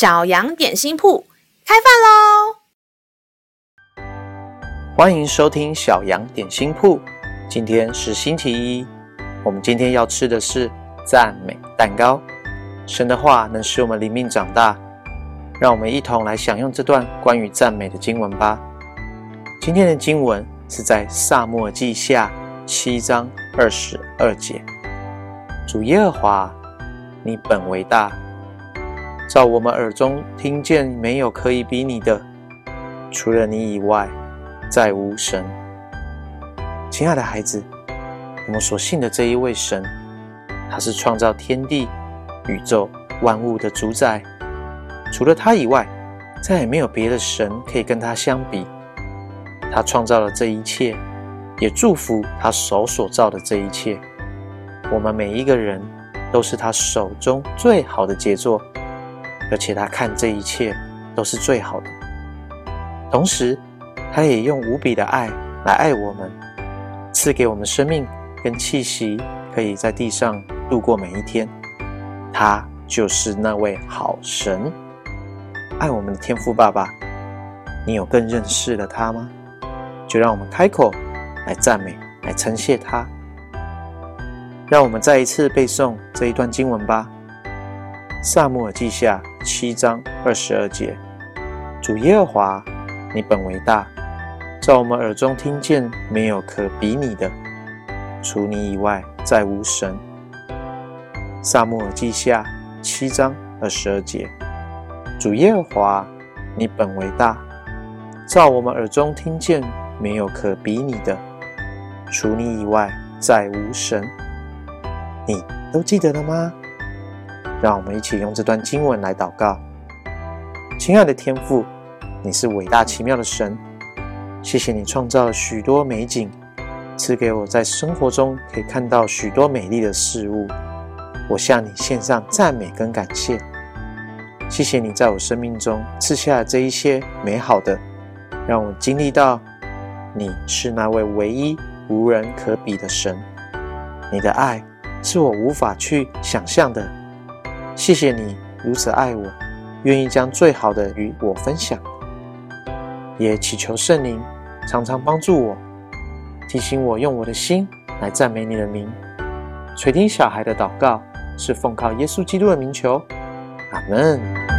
小羊點心鋪開飯嘍！歡迎收聽小羊點心鋪。今天是星期一，我們今天要吃的是讚美蛋糕。神的話能使我們靈命長大，讓我們一同來享用這段關於讚美的經文吧。今天的經文是在撒母耳記下七章二十二節。主耶和華，你本為大。在我們耳中聽見，沒有可以比擬的，除了你以外，再無神。親愛的孩子，我們所信的這一位神，他是創造天地、宇宙、萬物的主宰，除了他以外，再也沒有別的神可以跟他相比。他創造了這一切，也祝福他手所造的這一切。我們每一個人都是他手中最好的傑作。而且他看這一切都是最好的，同時他也用無比的愛來愛我們，賜給我們生命跟氣息，可以在地上度過每一天。他就是那位好神，愛我們的天父爸爸。你有更認識了他嗎？就讓我們開口來讚美，來稱謝他。讓我們再一次背誦這一段經文吧。撒母耳記下七章二十二節：主耶和華，你本為大，在我們耳中聽見沒有可比你的，除你以外再無神。撒母耳記下七章二十二節：主耶和華，你本為大，在我們耳中聽見沒有可比你的，除你以外再無神。你都記得了嗎？讓我們一起用這段經文來禱告，親愛的天父，你是偉大奇妙的神，謝謝你創造了許多美景，賜給我在生活中可以看到許多美麗的事物。我向你獻上讚美跟感謝，謝謝你在我生命中賜下這一些美好的，讓我經歷到你是那位唯一無人可比的神，你的愛是我無法去想象的。謝謝你如此愛我，願意將最好的與我分享，也祈求聖靈常常幫助我，提醒我用我的心來讚美你的名。垂聽小孩的禱告，是奉靠耶穌基督的名求。阿門。